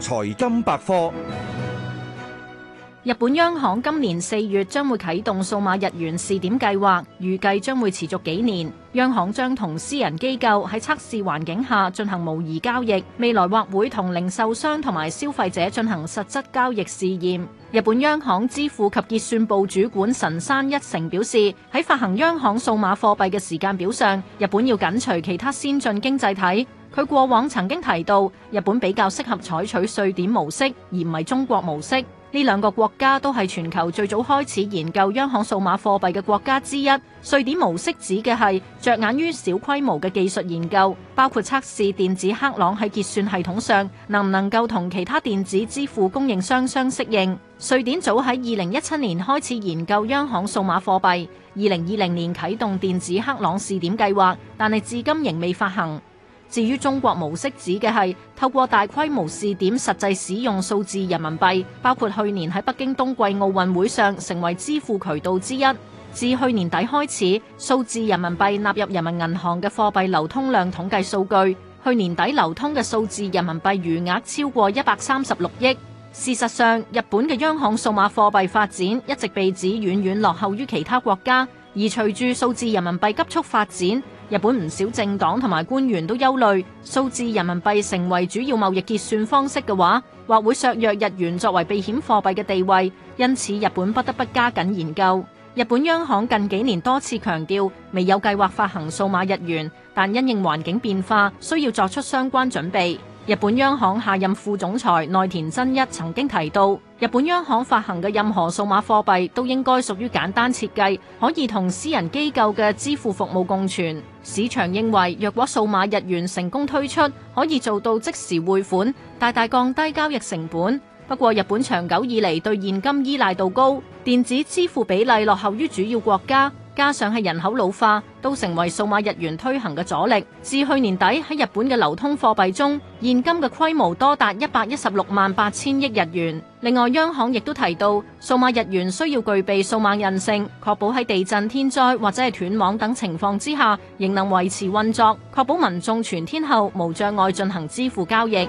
財金百科：日本央行今年四月將會啟動數碼日元試點計劃，預計將會持續幾年。央行將同私人機構喺測試環境下進行模擬交易，未來或會同零售商同埋消費者進行實質交易試驗。日本央行支付及結算部主管神山一成表示，喺發行央行數碼貨幣嘅時間表上，日本要緊隨其他先進經濟體。佢過往曾經提到，日本比較適合採取瑞典模式，而唔係中國模式。呢兩個國家都係全球最早開始研究央行數碼貨幣嘅國家之一。瑞典模式指嘅係着眼於小規模嘅技術研究，包括測試電子克朗喺結算系統上，能唔能夠同其他電子支付供應商相適應。瑞典早喺二零一七年開始研究央行數碼貨幣，二零二零年啟動電子克朗試點計劃，但係至今仍未發行。至於中國模式指嘅係透過大規模試點實際使用數字人民幣，包括去年喺北京冬季奧運會上成為支付渠道之一。自去年底開始，數字人民幣納入人民銀行嘅貨幣流通量統計數據。去年底流通嘅數字人民幣餘額超過一百三十六億。事實上，日本嘅央行數碼貨幣發展一直被指遠遠落後於其他國家，而隨住數字人民幣急速發展，日本唔少政黨同埋官員都憂慮數字人民幣成為主要貿易結算方式嘅話，或會削弱日元作為避險貨幣嘅地位，因此日本不得不加緊研究。日本央行近幾年多次強調，未有計劃發行數碼日元，但因應環境變化，需要作出相關準備。日本央行下任副總裁內田真一曾經提到，日本央行發行嘅任何數碼貨幣都應該屬於簡單設計，可以同私人機構嘅支付服務共存。市場認為，若果數碼日元成功推出，可以做到即時匯款，大大降低交易成本。不過，日本長久以嚟對現金依賴度高，電子支付比例落後於主要國家。加上係人口老化，都成為數碼日元推行嘅阻力。至去年底喺日本嘅流通貨幣中，現金嘅規模多達一百一十六萬八千億日元。另外，央行亦都提到，數碼日元需要具備數碼韌性，確保喺地震、天災或者係斷網等情況之下，仍能維持運作，確保民眾全天候無障礙進行支付交易。